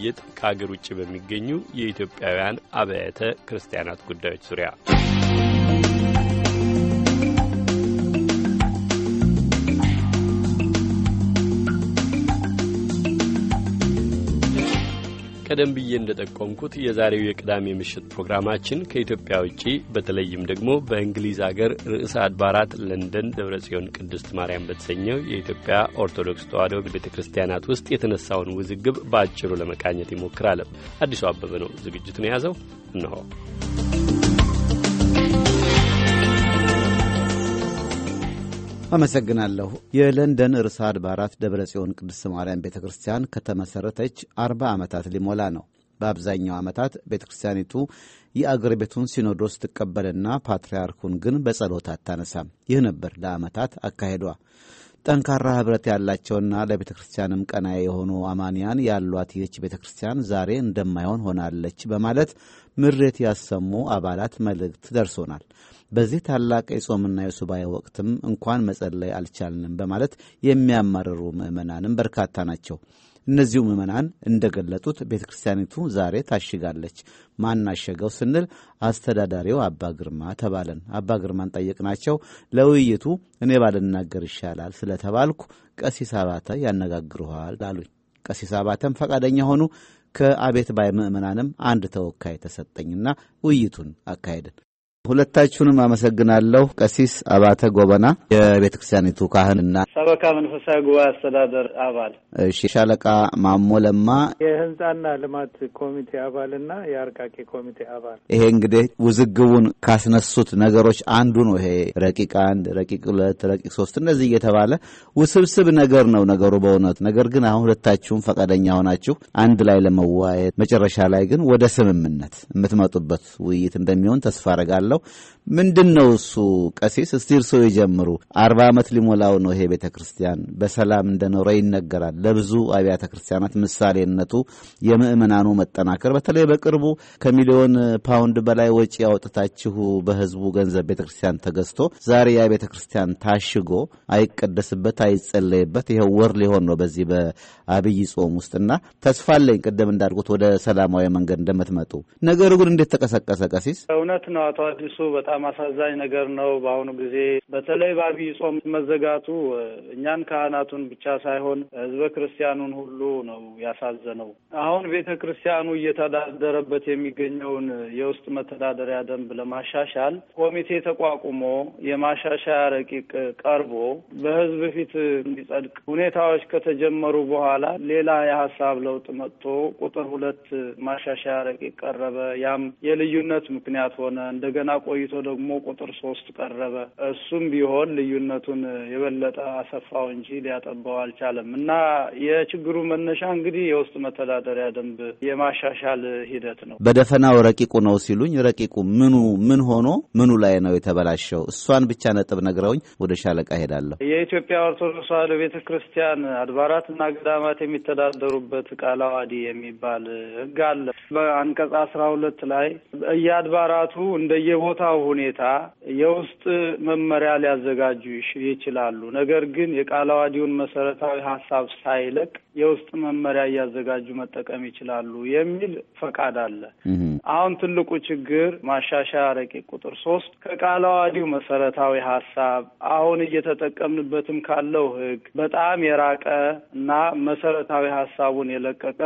ውይይት ከአገር ውጭ በሚገኙ የኢትዮጵያውያን አብያተ ክርስቲያናት ጉዳዮች ዙሪያ ቀደም ብዬ እንደጠቆምኩት የዛሬው የቅዳሜ ምሽት ፕሮግራማችን ከኢትዮጵያ ውጪ በተለይም ደግሞ በእንግሊዝ አገር ርዕሰ አድባራት ለንደን ደብረ ጽዮን ቅድስት ማርያም በተሰኘው የኢትዮጵያ ኦርቶዶክስ ተዋሕዶ ቤተ ክርስቲያናት ውስጥ የተነሳውን ውዝግብ በአጭሩ ለመቃኘት ይሞክራል። አዲሱ አበበ ነው ዝግጅቱን የያዘው። እንሆ አመሰግናለሁ። የለንደን ርዕሰ አድባራት ደብረ ጽዮን ቅድስት ማርያም ቤተ ክርስቲያን ከተመሠረተች አርባ ዓመታት ሊሞላ ነው። በአብዛኛው ዓመታት ቤተ ክርስቲያኒቱ የአገር ቤቱን ሲኖዶስ ትቀበልና ፓትርያርኩን ግን በጸሎት አታነሳም። ይህ ነበር ለዓመታት አካሄዷ። ጠንካራ ኅብረት ያላቸውና ለቤተ ክርስቲያንም ቀና የሆኑ አማንያን ያሏት ይህች ቤተ ክርስቲያን ዛሬ እንደማይሆን ሆናለች በማለት ምሬት ያሰሙ አባላት መልእክት ደርሶናል። በዚህ ታላቅ የጾምና የሱባኤ ወቅትም እንኳን መጸለይ አልቻልንም በማለት የሚያማርሩ ምዕመናንም በርካታ ናቸው። እነዚሁ ምዕመናን እንደገለጡት ቤተ ክርስቲያኒቱ ዛሬ ታሽጋለች። ማናሸገው ስንል አስተዳዳሪው አባ ግርማ ተባለን። አባ ግርማን ጠየቅናቸው። ለውይይቱ እኔ ባልናገር ይሻላል ስለተባልኩ ቀሲስ አባተ ያነጋግሩሃል አሉኝ። ቀሲስ አባተም ፈቃደኛ ሆኑ። ከአቤት ባይ ምዕመናንም አንድ ተወካይ ተሰጠኝና ውይይቱን አካሄድን። ሁለታችሁንም አመሰግናለሁ። ቀሲስ አባተ ጎበና የቤተ ክርስቲያኒቱ ካህንና ሰበካ መንፈሳዊ ጉባኤ አስተዳደር አባል፣ እሺ ሻለቃ ማሞ ለማ የህንጻና ልማት ኮሚቴ አባልና የአርቃቂ ኮሚቴ አባል። ይሄ እንግዲህ ውዝግቡን ካስነሱት ነገሮች አንዱ ነው። ይሄ ረቂቅ አንድ፣ ረቂቅ ሁለት፣ ረቂቅ ሶስት እነዚህ እየተባለ ውስብስብ ነገር ነው ነገሩ በእውነት ነገር ግን አሁን ሁለታችሁም ፈቃደኛ ሆናችሁ አንድ ላይ ለመዋየት መጨረሻ ላይ ግን ወደ ስምምነት የምትመጡበት ውይይት እንደሚሆን ተስፋ አረጋለሁ። አለው ምንድን ነው እሱ? ቀሲስ እስቲ እርስዎ ይጀምሩ። አርባ ዓመት ሊሞላው ነው ይሄ ቤተ ክርስቲያን በሰላም እንደኖረ ይነገራል። ለብዙ አብያተ ክርስቲያናት ምሳሌነቱ የምእመናኑ መጠናከር፣ በተለይ በቅርቡ ከሚሊዮን ፓውንድ በላይ ወጪ ያወጥታችሁ በህዝቡ ገንዘብ ቤተ ክርስቲያን ተገዝቶ ዛሬ ያ ቤተ ክርስቲያን ታሽጎ አይቀደስበት፣ አይጸለይበት ይኸው ወር ሊሆን ነው በዚህ በአብይ ጾም ውስጥና ተስፋ አለኝ ቅድም እንዳልኩት ወደ ሰላማዊ መንገድ እንደምትመጡ። ነገሩ ግን እንዴት ተቀሰቀሰ ቀሲስ? እውነት ነው አቶ አዲሱ በጣም በጣም አሳዛኝ ነገር ነው። በአሁኑ ጊዜ በተለይ በአብይ ጾም መዘጋቱ እኛን ካህናቱን ብቻ ሳይሆን ህዝበ ክርስቲያኑን ሁሉ ነው ያሳዘነው። አሁን ቤተ ክርስቲያኑ እየተዳደረበት የሚገኘውን የውስጥ መተዳደሪያ ደንብ ለማሻሻል ኮሚቴ ተቋቁሞ የማሻሻያ ረቂቅ ቀርቦ በህዝብ ፊት እንዲጸድቅ ሁኔታዎች ከተጀመሩ በኋላ ሌላ የሀሳብ ለውጥ መጥቶ ቁጥር ሁለት ማሻሻያ ረቂቅ ቀረበ። ያም የልዩነት ምክንያት ሆነ። እንደገና ቆይቶ ደግሞ ቁጥር ሶስት ቀረበ። እሱም ቢሆን ልዩነቱን የበለጠ አሰፋው እንጂ ሊያጠባው አልቻለም እና የችግሩ መነሻ እንግዲህ የውስጥ መተዳደሪያ ደንብ የማሻሻል ሂደት ነው። በደፈናው ረቂቁ ነው ሲሉኝ ረቂቁ ምኑ ምን ሆኖ ምኑ ላይ ነው የተበላሸው? እሷን ብቻ ነጥብ ነግረውኝ ወደ ሻለቃ ሄዳለሁ። የኢትዮጵያ ኦርቶዶክስ ተዋሕዶ ቤተ ክርስቲያን አድባራትና ገዳማት የሚተዳደሩበት ቃለ የሚባል ህግ አለ። በአንቀጽ አስራ ሁለት ላይ እየአድባራቱ እንደየቦታው ሁኔታ የውስጥ መመሪያ ሊያዘጋጁ ይችላሉ። ነገር ግን የቃለ አዋጁን መሰረታዊ ሀሳብ ሳይለቅ የውስጥ መመሪያ እያዘጋጁ መጠቀም ይችላሉ የሚል ፈቃድ አለ። አሁን ትልቁ ችግር ማሻሻያ ረቂቅ ቁጥር ሶስት ከቃለ መሰረታዊ ሀሳብ አሁን እየተጠቀምንበትም ካለው ህግ በጣም የራቀ እና መሰረታዊ ሀሳቡን የለቀቀ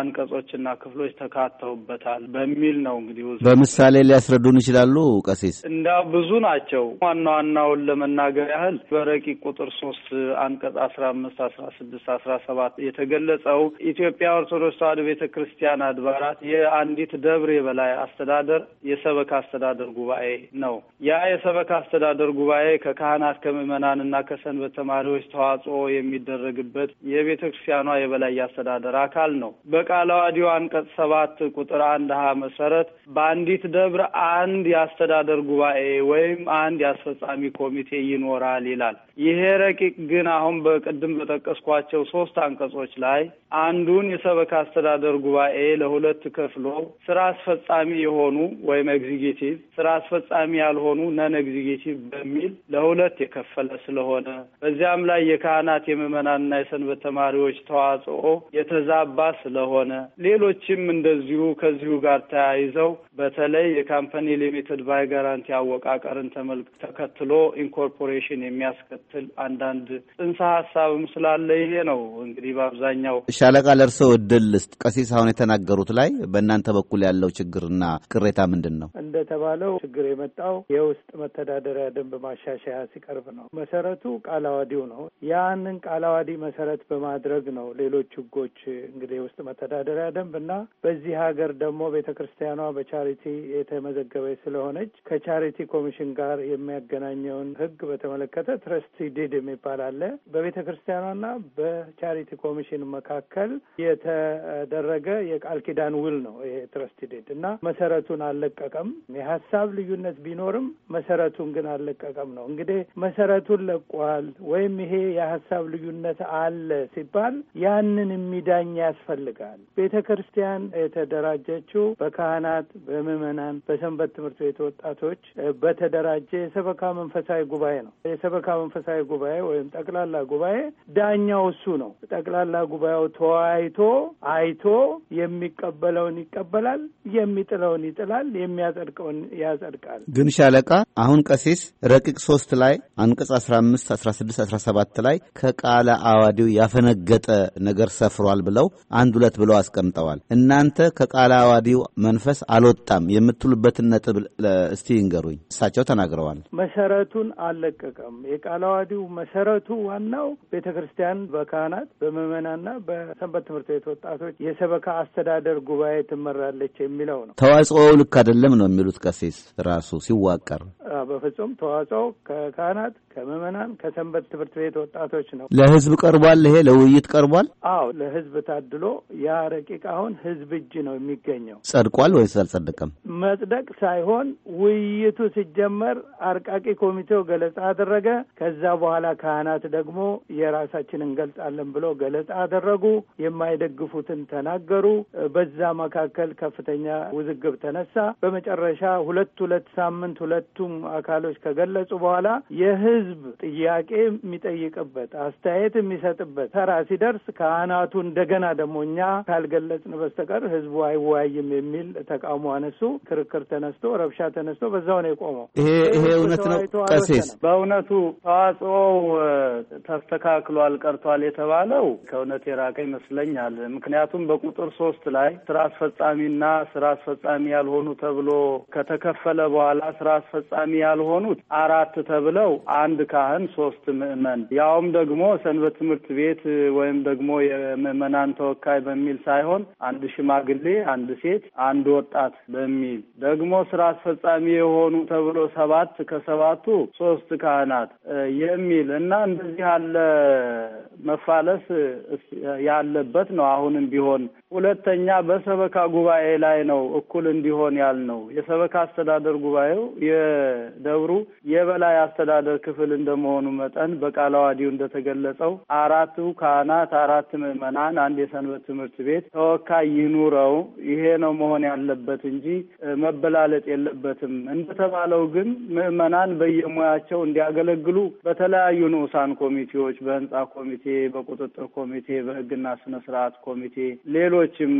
አንቀጾችና ክፍሎች ተካተውበታል በሚል ነው። እንግዲህ በምሳሌ ሊያስረዱን ይችላሉ ቀሲስ? እንዳ ብዙ ናቸው። ዋና ዋናውን ለመናገር ያህል በረቂቅ ቁጥር ሶስት አንቀጽ አስራ አምስት አስራ ስድስት አስራ ሰባት የተገለጸው ኢትዮጵያ ኦርቶዶክስ ተዋህዶ ቤተ ክርስቲያን አድባራት የአንዲት ደብር የበላይ አስተዳደር የሰበካ አስተዳደር ጉባኤ ነው። ያ የሰበካ አስተዳደር ጉባኤ ከካህናት ከምዕመናንና ከሰንበት ተማሪዎች ተዋጽኦ የሚደረግበት የቤተ ክርስቲያኗ የበላይ አስተዳደር አካል ነው። በቃለ ዓዋዲው አንቀጽ ሰባት ቁጥር አንድ ሀ መሰረት በአንዲት ደብር አንድ የአስተዳደር ጉባኤ ወይም አንድ የአስፈጻሚ ኮሚቴ ይኖራል ይላል። ይሄ ረቂቅ ግን አሁን በቅድም በጠቀስኳቸው ሶስት አንቀ አንቀጾች ላይ አንዱን የሰበካ አስተዳደር ጉባኤ ለሁለት ከፍሎ ስራ አስፈጻሚ የሆኑ ወይም ኤግዚኪቲቭ፣ ስራ አስፈጻሚ ያልሆኑ ነን ኤግዚኪቲቭ በሚል ለሁለት የከፈለ ስለሆነ በዚያም ላይ የካህናት የምዕመናንና የሰንበት ተማሪዎች ተዋጽኦ የተዛባ ስለሆነ ሌሎችም እንደዚሁ ከዚሁ ጋር ተያይዘው በተለይ የካምፓኒ ሊሚትድ ባይ ጋራንቲ አወቃቀርን ተመልክ ተከትሎ ኢንኮርፖሬሽን የሚያስከትል አንዳንድ ጽንሰ ሀሳብም ስላለ ይሄ ነው እንግዲህ በአብዛኛው ሻለቃ ለርሰው እድል ስጥ። ቀሲስ አሁን የተናገሩት ላይ በእናንተ በኩል ያለው ችግርና ቅሬታ ምንድን ነው? እንደተባለው ችግር የመጣው የውስጥ መተዳደሪያ ደንብ ማሻሻያ ሲቀርብ ነው። መሰረቱ ቃለ አዋዲው ነው። ያንን ቃለ አዋዲ መሰረት በማድረግ ነው ሌሎች ህጎች እንግዲህ የውስጥ መተዳደሪያ ደንብ እና በዚህ ሀገር ደግሞ ቤተ ክርስቲያኗ በቻሪቲ የተመዘገበች ስለሆነች ከቻሪቲ ኮሚሽን ጋር የሚያገናኘውን ህግ በተመለከተ ትረስቲ ዲድ የሚባል አለ። በቤተ ክርስቲያኗና በቻሪቲ ኮሚሽን መካከል የተደረገ የቃል ኪዳን ውል ነው ይሄ ትረስትዴድ እና መሰረቱን አልለቀቀም። የሀሳብ ልዩነት ቢኖርም መሰረቱን ግን አልለቀቀም ነው እንግዲህ መሰረቱን ለቋል ወይም ይሄ የሀሳብ ልዩነት አለ ሲባል ያንን የሚዳኝ ያስፈልጋል። ቤተ ክርስቲያን የተደራጀችው በካህናት፣ በምዕመናን፣ በሰንበት ትምህርት ቤት ወጣቶች በተደራጀ የሰበካ መንፈሳዊ ጉባኤ ነው። የሰበካ መንፈሳዊ ጉባኤ ወይም ጠቅላላ ጉባኤ ዳኛው እሱ ነው። ጠቅላላ ጉባኤው ተወያይቶ አይቶ የሚቀበለውን ይቀበላል፣ የሚጥለውን ይጥላል፣ የሚያጸድቀውን ያጸድቃል። ግን ሻለቃ አሁን ቀሲስ ረቂቅ ሶስት ላይ አንቀጽ አስራ አምስት አስራ ስድስት አስራ ሰባት ላይ ከቃለ አዋዲው ያፈነገጠ ነገር ሰፍሯል ብለው አንድ ሁለት ብለው አስቀምጠዋል። እናንተ ከቃለ አዋዲው መንፈስ አልወጣም የምትሉበትን ነጥብ እስቲ ይንገሩኝ። እሳቸው ተናግረዋል። መሰረቱን አልለቀቀም። የቃለ አዋዲው መሰረቱ ዋናው ቤተ ክርስቲያን በካህናት በመ በምዕመናና በሰንበት ትምህርት ቤት ወጣቶች የሰበካ አስተዳደር ጉባኤ ትመራለች የሚለው ነው። ተዋጽኦው ልክ አይደለም ነው የሚሉት ቀሲስ ራሱ ሲዋቀር በፍጹም ተዋጽኦ ከካህናት ከምዕመናን፣ ከሰንበት ትምህርት ቤት ወጣቶች ነው። ለህዝብ ቀርቧል። ይሄ ለውይይት ቀርቧል። አዎ ለህዝብ ታድሎ ያ ረቂቅ አሁን ህዝብ እጅ ነው የሚገኘው። ጸድቋል ወይስ አልጸደቀም? መጽደቅ ሳይሆን ውይይቱ ሲጀመር አርቃቂ ኮሚቴው ገለጻ አደረገ። ከዛ በኋላ ካህናት ደግሞ የራሳችን እንገልጻለን ብሎ ገለጻ አደረጉ። የማይደግፉትን ተናገሩ። በዛ መካከል ከፍተኛ ውዝግብ ተነሳ። በመጨረሻ ሁለት ሁለት ሳምንት ሁለቱም አካሎች ከገለጹ በኋላ የህዝብ ጥያቄ የሚጠይቅበት አስተያየት የሚሰጥበት ተራ ሲደርስ ካህናቱ እንደገና ደግሞ እኛ ካልገለጽን በስተቀር ህዝቡ አይወያይም የሚል ተቃውሞ አነሱ። ክርክር ተነስቶ ረብሻ ተነስቶ በዛው ነው የቆመው። ይሄ ይሄ እውነት ነው። ቀሴስ? በእውነቱ ተዋጽኦው ተስተካክሏል ቀርቷል የተባለው ከእውነት የራቀ ይመስለኛል። ምክንያቱም በቁጥር ሶስት ላይ ስራ አስፈጻሚና ስራ አስፈጻሚ ያልሆኑ ተብሎ ከተከፈለ በኋላ ስራ አስፈጻሚ ተጠቃሚ ያልሆኑት አራት ተብለው አንድ ካህን ሶስት ምዕመን ያውም ደግሞ ሰንበት ትምህርት ቤት ወይም ደግሞ የምዕመናን ተወካይ በሚል ሳይሆን አንድ ሽማግሌ፣ አንድ ሴት፣ አንድ ወጣት በሚል ደግሞ ስራ አስፈጻሚ የሆኑ ተብሎ ሰባት ከሰባቱ ሶስት ካህናት የሚል እና እንደዚህ ያለ መፋለስ ያለበት ነው። አሁንም ቢሆን ሁለተኛ በሰበካ ጉባኤ ላይ ነው እኩል እንዲሆን ያልነው የሰበካ አስተዳደር ጉባኤው ደብሩ የበላይ አስተዳደር ክፍል እንደመሆኑ መጠን በቃለ ዓዋዲው እንደተገለጸው አራቱ ካህናት፣ አራት ምዕመናን፣ አንድ የሰንበት ትምህርት ቤት ተወካይ ይኑረው። ይሄ ነው መሆን ያለበት እንጂ መበላለጥ የለበትም። እንደተባለው ግን ምዕመናን በየሙያቸው እንዲያገለግሉ በተለያዩ ንዑሳን ኮሚቴዎች፣ በህንጻ ኮሚቴ፣ በቁጥጥር ኮሚቴ፣ በህግና ስነ ስርዓት ኮሚቴ፣ ሌሎችም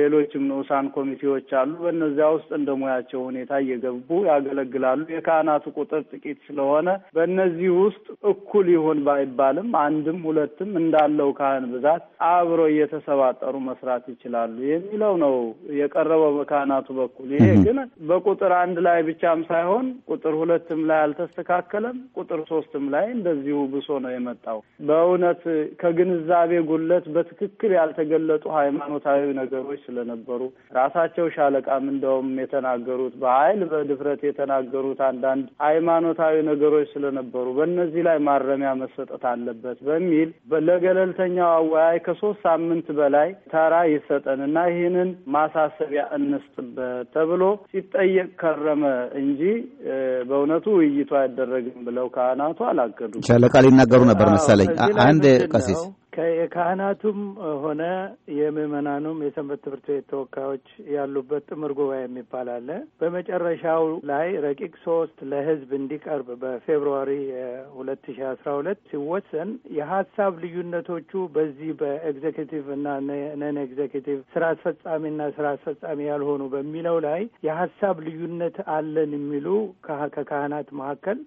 ሌሎችም ንዑሳን ኮሚቴዎች አሉ። በእነዚያ ውስጥ እንደ ሙያቸው ሁኔታ እየገቡ ያገለግላሉ። ያሉ የካህናቱ ቁጥር ጥቂት ስለሆነ በእነዚህ ውስጥ እኩል ይሁን ባይባልም አንድም ሁለትም እንዳለው ካህን ብዛት አብሮ እየተሰባጠሩ መስራት ይችላሉ የሚለው ነው የቀረበው በካህናቱ በኩል። ይሄ ግን በቁጥር አንድ ላይ ብቻም ሳይሆን ቁጥር ሁለትም ላይ አልተስተካከለም፣ ቁጥር ሶስትም ላይ እንደዚሁ ብሶ ነው የመጣው። በእውነት ከግንዛቤ ጉለት በትክክል ያልተገለጡ ሃይማኖታዊ ነገሮች ስለነበሩ ራሳቸው ሻለቃም እንደውም የተናገሩት በኃይል በድፍረት የተናገሩት የነበሩት አንዳንድ ሃይማኖታዊ ነገሮች ስለነበሩ በእነዚህ ላይ ማረሚያ መሰጠት አለበት በሚል ለገለልተኛው አወያይ ከሶስት ሳምንት በላይ ተራ እና ይህንን ማሳሰቢያ እንስጥበት ተብሎ ሲጠየቅ ከረመ እንጂ በእውነቱ ውይይቱ አይደረግም ብለው ካህናቱ አላገዱም። ሻለቃ ሊናገሩ ነበር መሰለኝ። አንድ ቀሲስ የካህናቱም ሆነ የምእመናኑም የሰንበት ትምህርት ቤት ተወካዮች ያሉበት ጥምር ጉባኤ የሚባል አለ። በመጨረሻው ላይ ረቂቅ ሶስት ለህዝብ እንዲቀርብ በፌብርዋሪ ሁለት ሺ አስራ ሁለት ሲወሰን የሀሳብ ልዩነቶቹ በዚህ በኤግዜኪቲቭ እና ነን ኤግዜኪቲቭ ስራ አስፈጻሚና ስራ አስፈጻሚ ያልሆኑ በሚለው ላይ የሀሳብ ልዩነት አለን የሚሉ ከካህናት መካከል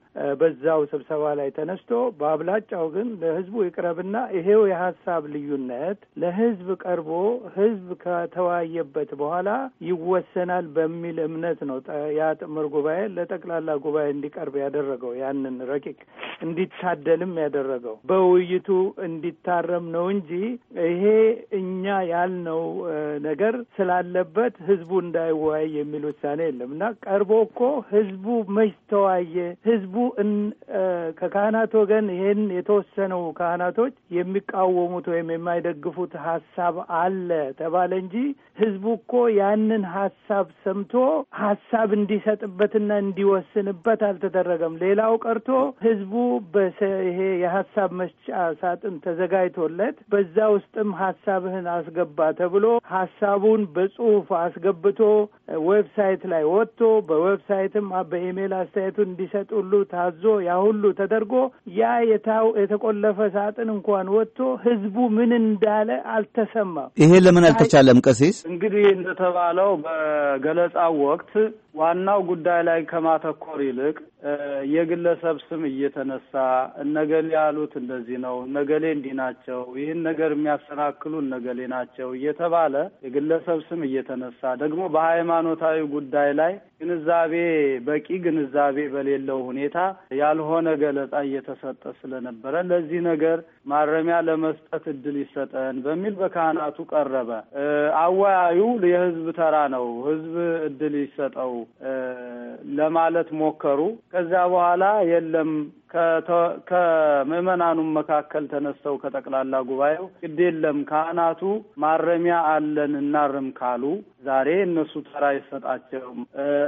በዛው ስብሰባ ላይ ተነስቶ በአብላጫው ግን ለህዝቡ ይቅረብና ይሄው የሀሳብ ልዩነት ለህዝብ ቀርቦ ህዝብ ከተወያየበት በኋላ ይወሰናል በሚል እምነት ነው ያ ጥምር ጉባኤ ለጠቅላላ ጉባኤ እንዲቀርብ ያደረገው ያንን ረቂቅ እንዲታደልም ያደረገው በውይይቱ እንዲታረም ነው እንጂ ይሄ እኛ ያልነው ነገር ስላለበት ህዝቡ እንዳይወያይ የሚል ውሳኔ የለም እና ቀርቦ እኮ ህዝቡ መች ተወያየ? ህዝቡ ከካህናት ወገን ይሄን የተወሰነው ካህናቶች የሚቃ የሚቃወሙት ወይም የማይደግፉት ሀሳብ አለ ተባለ እንጂ ህዝቡ እኮ ያንን ሀሳብ ሰምቶ ሀሳብ እንዲሰጥበትና እንዲወስንበት አልተደረገም። ሌላው ቀርቶ ህዝቡ ይሄ የሀሳብ መስጫ ሳጥን ተዘጋጅቶለት በዛ ውስጥም ሀሳብህን አስገባ ተብሎ ሀሳቡን በጽሁፍ አስገብቶ ዌብሳይት ላይ ወጥቶ በዌብሳይትም በኢሜይል አስተያየቱን እንዲሰጥ ሁሉ ታዞ ያ ሁሉ ተደርጎ ያ የተቆለፈ ሳጥን እንኳን ወጥቶ ህዝቡ ምን እንዳለ አልተሰማም። ይሄ ለምን አልተቻለም? ቀሲስ እንግዲህ እንደተባለው በገለጻው ወቅት ዋናው ጉዳይ ላይ ከማተኮር ይልቅ የግለሰብ ስም እየተነሳ እነገሌ ያሉት እንደዚህ ነው፣ እነገሌ እንዲህ ናቸው፣ ይህን ነገር የሚያሰናክሉ እነገሌ ናቸው እየተባለ የግለሰብ ስም እየተነሳ ደግሞ በሃይማኖታዊ ጉዳይ ላይ ግንዛቤ በቂ ግንዛቤ በሌለው ሁኔታ ያልሆነ ገለጻ እየተሰጠ ስለነበረ ለዚህ ነገር ማረሚያ ለመስጠት እድል ይሰጠን በሚል በካህናቱ ቀረበ። አወያዩ የህዝብ ተራ ነው፣ ህዝብ እድል ይሰጠው ለማለት ሞከሩ። ከዛ በኋላ የለም ከምዕመናኑም መካከል ተነስተው ከጠቅላላ ጉባኤው ግድ የለም ካህናቱ ማረሚያ አለን እናርም ካሉ ዛሬ እነሱ ተራ አይሰጣቸውም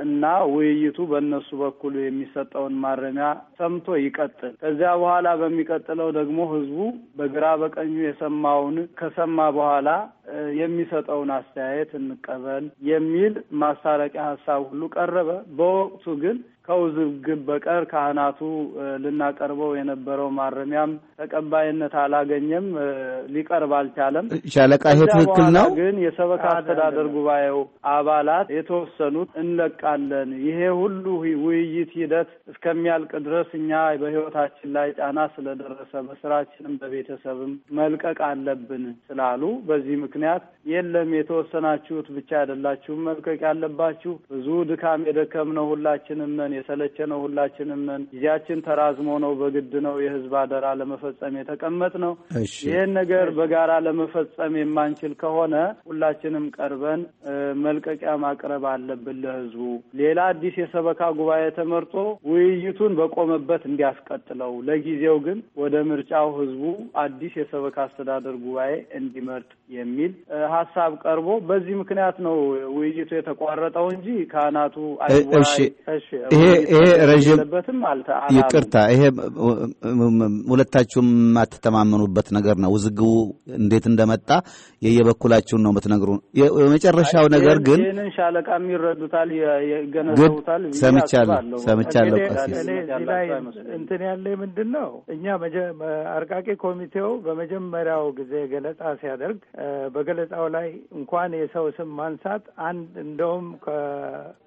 እና ውይይቱ በእነሱ በኩል የሚሰጠውን ማረሚያ ሰምቶ ይቀጥል። ከዚያ በኋላ በሚቀጥለው ደግሞ ህዝቡ በግራ በቀኙ የሰማውን ከሰማ በኋላ የሚሰጠውን አስተያየት እንቀበል የሚል ማስታረቂያ ሀሳብ ሁሉ ቀረበ። በወቅቱ ግን ከውዝግብ በቀር ካህናቱ ልናቀርበው የነበረው ማረሚያም ተቀባይነት አላገኘም፣ ሊቀርብ አልቻለም። ሻለቃ ይሄ ትክክል ነው። ግን የሰበካ አስተዳደር ጉባኤው አባላት የተወሰኑት እንለቃለን፣ ይሄ ሁሉ ውይይት ሂደት እስከሚያልቅ ድረስ እኛ በህይወታችን ላይ ጫና ስለደረሰ በስራችንም በቤተሰብም መልቀቅ አለብን ስላሉ በዚህ ምክንያት የለም የተወሰናችሁት ብቻ አይደላችሁም መልቀቅ ያለባችሁ ብዙ ድካም የደከምነው ሁላችንም ነን የሰለቸ ነው ሁላችንም። ጊዜያችን ተራዝሞ ነው፣ በግድ ነው የህዝብ አደራ ለመፈጸም የተቀመጥ ነው። ይህን ነገር በጋራ ለመፈጸም የማንችል ከሆነ ሁላችንም ቀርበን መልቀቂያ ማቅረብ አለብን ለህዝቡ። ሌላ አዲስ የሰበካ ጉባኤ ተመርጦ ውይይቱን በቆመበት እንዲያስቀጥለው፣ ለጊዜው ግን ወደ ምርጫው ህዝቡ አዲስ የሰበካ አስተዳደር ጉባኤ እንዲመርጥ የሚል ሀሳብ ቀርቦ በዚህ ምክንያት ነው ውይይቱ የተቋረጠው እንጂ ካህናቱ አይ ይሄ ረዥም ይቅርታ፣ ይሄ ሁለታችሁም የማትተማመኑበት ነገር ነው። ውዝግቡ እንዴት እንደመጣ የየበኩላችሁን ነው የምትነግሩ። የመጨረሻው ነገር ግን ይህንን ሻለቃ ሰምቻለሁ ሰምቻለሁ። እንትን ያለ ምንድን ነው እኛ አርቃቂ ኮሚቴው በመጀመሪያው ጊዜ ገለጻ ሲያደርግ በገለጻው ላይ እንኳን የሰው ስም ማንሳት አንድ እንደውም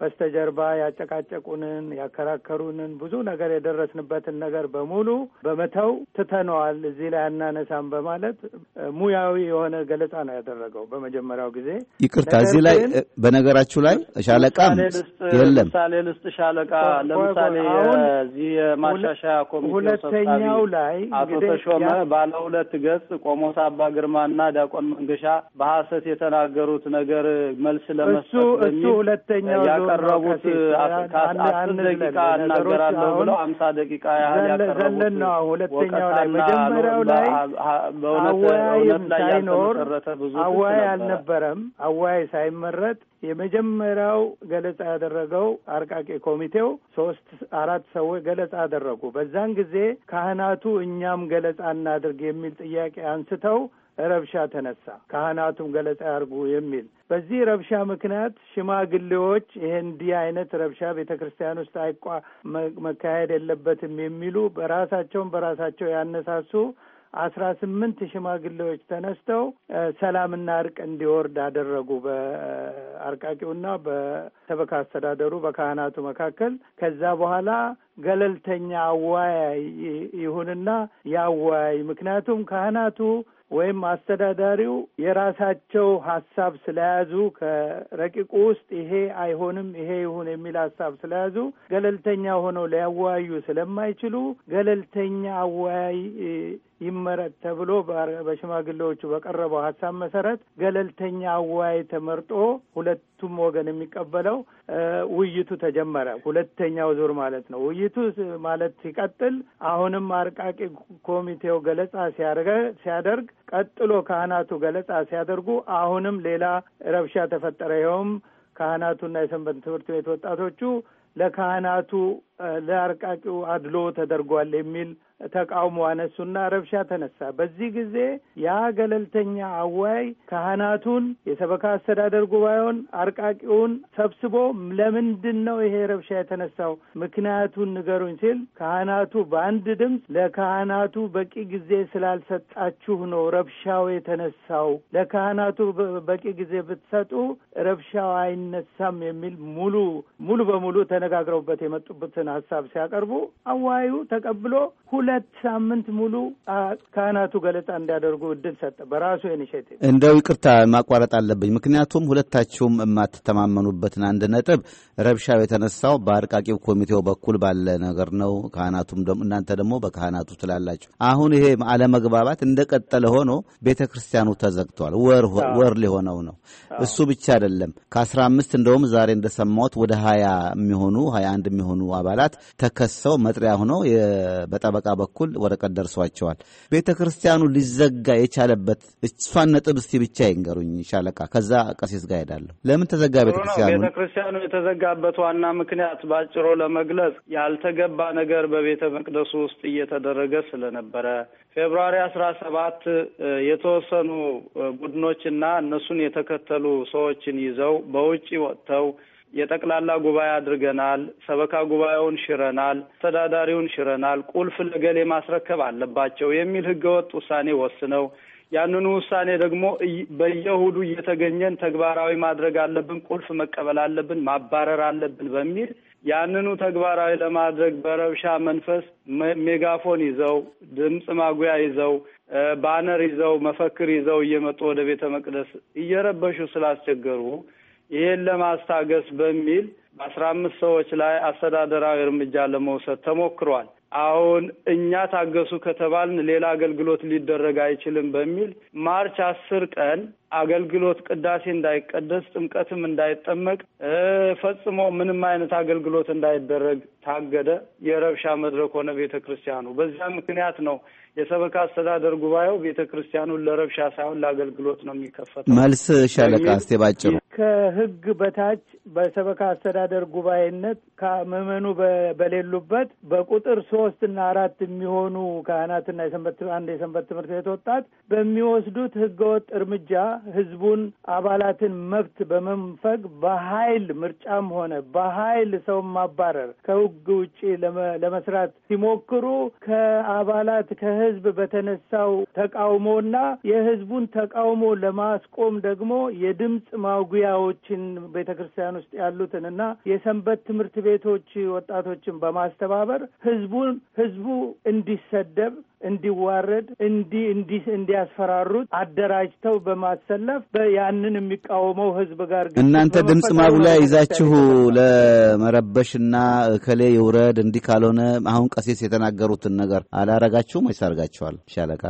በስተጀርባ ያጨቃጨቁንን ያከራከሩንን ብዙ ነገር የደረስንበትን ነገር በሙሉ በመተው ትተነዋል፣ እዚህ ላይ አናነሳም በማለት ሙያዊ የሆነ ገለጻ ነው ያደረገው በመጀመሪያው ጊዜ። ይቅርታ እዚህ ላይ በነገራችሁ ላይ ሻለቃ የለም ምሳሌ ልስጥ ሻለቃ ለምሳሌ እዚህ የማሻሻያ ኮሚቴ ሁለተኛው ላይ አቶ ተሾመ ባለ ሁለት ገጽ ቆሞስ አባ ግርማና ዲያቆን መንገሻ በሀሰት የተናገሩት ነገር መልስ ለመስጠት እሱ ሁለተኛው ያቀረቡት ከአስር ደቂቃ እናገራለሁ ብለው አምሳ ደቂቃ ያህል ያቀረቡት ነው። ሁለተኛው ላይ መጀመሪያው ላይ አወያይ አልነበረም። አወያይ ሳይመረጥ የመጀመሪያው ገለጻ ያደረገው አርቃቂ ኮሚቴው ሶስት አራት ሰዎች ገለጻ አደረጉ። በዛን ጊዜ ካህናቱ እኛም ገለጻ እናድርግ የሚል ጥያቄ አንስተው ረብሻ ተነሳ። ካህናቱም ገለጻ ያርጉ የሚል በዚህ ረብሻ ምክንያት ሽማግሌዎች ይሄ እንዲህ አይነት ረብሻ ቤተ ክርስቲያን ውስጥ አይቋ መካሄድ የለበትም የሚሉ በራሳቸውን በራሳቸው ያነሳሱ አስራ ስምንት ሽማግሌዎች ተነስተው ሰላምና እርቅ እንዲወርድ አደረጉ። በአርቃቂውና በሰበካ አስተዳደሩ በካህናቱ መካከል ከዛ በኋላ ገለልተኛ አወያይ ይሁንና ያወያይ ምክንያቱም ካህናቱ ወይም አስተዳዳሪው የራሳቸው ሀሳብ ስለያዙ ከረቂቁ ውስጥ ይሄ አይሆንም ይሄ ይሁን የሚል ሀሳብ ስለያዙ ገለልተኛ ሆነው ሊያወያዩ ስለማይችሉ ገለልተኛ አወያይ ይመረጥ ተብሎ በሽማግሌዎቹ በቀረበው ሀሳብ መሰረት ገለልተኛ አወያይ ተመርጦ ሁለቱም ወገን የሚቀበለው ውይይቱ ተጀመረ። ሁለተኛው ዙር ማለት ነው። ውይይቱ ማለት ሲቀጥል አሁንም አርቃቂ ኮሚቴው ገለጻ ሲያደርግ ቀጥሎ ካህናቱ ገለጻ ሲያደርጉ አሁንም ሌላ ረብሻ ተፈጠረ። ይኸውም ካህናቱና የሰንበት ትምህርት ቤት ወጣቶቹ ለካህናቱ ለአርቃቂው አድሎ ተደርጓል የሚል ተቃውሞ አነሱና ረብሻ ተነሳ። በዚህ ጊዜ ያ ገለልተኛ አዋይ ካህናቱን፣ የሰበካ አስተዳደር ጉባኤውን፣ አርቃቂውን ሰብስቦ ለምንድን ነው ይሄ ረብሻ የተነሳው ምክንያቱን ንገሩኝ ሲል ካህናቱ በአንድ ድምፅ ለካህናቱ በቂ ጊዜ ስላልሰጣችሁ ነው ረብሻው የተነሳው፣ ለካህናቱ በቂ ጊዜ ብትሰጡ ረብሻው አይነሳም የሚል ሙሉ ሙሉ በሙሉ ተነጋግረውበት የመጡበትን ሀሳብ ሲያቀርቡ አዋዩ ተቀብሎ ሁለ ሁለት ሳምንት ሙሉ ካህናቱ ገለጻ እንዲያደርጉ እድል ሰጠ። በራሱ ኢኒሽቲቭ እንደው ይቅርታ ማቋረጥ አለብኝ። ምክንያቱም ሁለታችሁም የማትተማመኑበትን አንድ ነጥብ ረብሻው የተነሳው በአርቃቂው ኮሚቴው በኩል ባለ ነገር ነው። ካህናቱም ደግሞ እናንተ ደግሞ በካህናቱ ትላላችሁ። አሁን ይሄ አለመግባባት እንደቀጠለ ሆኖ ቤተ ክርስቲያኑ ተዘግቷል። ወር ሊሆነው ነው። እሱ ብቻ አይደለም ከአስራ አምስት እንደውም ዛሬ እንደሰማሁት ወደ ሀያ የሚሆኑ ሀያ አንድ የሚሆኑ አባላት ተከሰው መጥሪያ ሆነው በጠበቃ በኩል ወረቀት ደርሷቸዋል። ቤተ ክርስቲያኑ ሊዘጋ የቻለበት እሷን ነጥብ እስቲ ብቻ ይንገሩኝ ሻለቃ። ከዛ ቀሴስ ጋር ሄዳለሁ። ለምን ተዘጋ ቤተ ክርስቲያኑ? ቤተ ክርስቲያኑ የተዘጋበት ዋና ምክንያት በአጭሩ ለመግለጽ ያልተገባ ነገር በቤተ መቅደሱ ውስጥ እየተደረገ ስለነበረ ፌብርዋሪ አስራ ሰባት የተወሰኑ ቡድኖችና እነሱን የተከተሉ ሰዎችን ይዘው በውጭ ወጥተው የጠቅላላ ጉባኤ አድርገናል። ሰበካ ጉባኤውን ሽረናል፣ አስተዳዳሪውን ሽረናል፣ ቁልፍ ለገሌ ማስረከብ አለባቸው የሚል ህገወጥ ውሳኔ ወስነው ያንኑ ውሳኔ ደግሞ በየእሁዱ እየተገኘን ተግባራዊ ማድረግ አለብን፣ ቁልፍ መቀበል አለብን፣ ማባረር አለብን በሚል ያንኑ ተግባራዊ ለማድረግ በረብሻ መንፈስ ሜጋፎን ይዘው ድምፅ ማጉያ ይዘው ባነር ይዘው መፈክር ይዘው እየመጡ ወደ ቤተ መቅደስ እየረበሹ ስላስቸገሩ ይህን ለማስታገስ በሚል በአስራ አምስት ሰዎች ላይ አስተዳደራዊ እርምጃ ለመውሰድ ተሞክሯል። አሁን እኛ ታገሱ ከተባልን ሌላ አገልግሎት ሊደረግ አይችልም በሚል ማርች አስር ቀን አገልግሎት ቅዳሴ እንዳይቀደስ፣ ጥምቀትም እንዳይጠመቅ፣ ፈጽሞ ምንም አይነት አገልግሎት እንዳይደረግ ታገደ። የረብሻ መድረክ ሆነ ቤተ ክርስቲያኑ። በዚያ ምክንያት ነው የሰበካ አስተዳደር ጉባኤው ቤተ ክርስቲያኑን ለረብሻ ሳይሆን ለአገልግሎት ነው የሚከፈተው። መልስ ሻለቃ እስቴ ባጭሩ ከህግ በታች በሰበካ አስተዳደር ጉባኤነት ከምዕመኑ በሌሉበት በቁጥር ሶስት እና አራት የሚሆኑ ካህናትና የሰንበት አንድ የሰንበት ትምህርት ቤት ወጣት በሚወስዱት ህገወጥ እርምጃ ህዝቡን አባላትን መብት በመንፈግ በኃይል ምርጫም ሆነ በኃይል ሰው ማባረር ከሕግ ውጭ ለመስራት ሲሞክሩ ከአባላት ከህዝብ በተነሳው ተቃውሞና የህዝቡን ተቃውሞ ለማስቆም ደግሞ የድምፅ ማጉ አጥቢያዎችን ቤተ ክርስቲያን ውስጥ ያሉትን እና የሰንበት ትምህርት ቤቶች ወጣቶችን በማስተባበር ህዝቡን ህዝቡ እንዲሰደብ እንዲዋረድ እንዲ እንዲህ እንዲያስፈራሩት አደራጅተው በማሰለፍ ያንን የሚቃወመው ህዝብ ጋር እናንተ ድምፅ ማጉያ ይዛችሁ ለመረበሽና እከሌ ይውረድ እንዲህ ካልሆነ አሁን ቀሲስ የተናገሩትን ነገር አላረጋችሁም ወይስ አርጋችኋል? ሻለቃ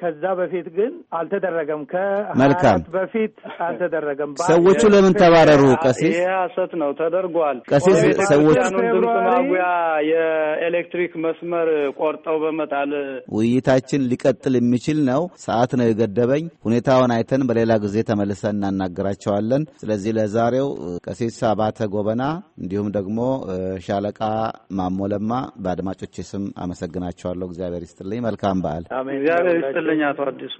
ከዛ በፊት ግን አልተደረገም። ከመልካም በፊት አልተደረገም። ሰዎቹ ለምን ተባረሩ? ቀሲስ ይህ ሐሰት ነው ተደርጓል። ቀሲስ ሰዎች ድምፅ ማጉያ የኤሌክትሪክ መስመር ቆርጠው በመጣል ውይይታችን ሊቀጥል የሚችል ነው። ሰዓት ነው የገደበኝ። ሁኔታውን አይተን በሌላ ጊዜ ተመልሰን እናናገራቸዋለን። ስለዚህ ለዛሬው ቀሲስ አባተ ጎበና እንዲሁም ደግሞ ሻለቃ ማሞለማ በአድማጮች ስም አመሰግናቸዋለሁ። እግዚአብሔር ይስጥልኝ። መልካም በዓል። እግዚአብሔር ይስጥልኝ አቶ አዲሱ